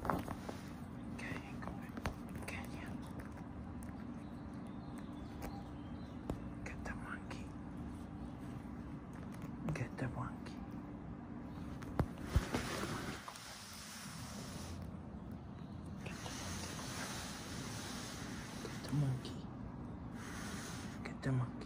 Get the monkey. Get the monkey. Get the monkey. Get the monkey.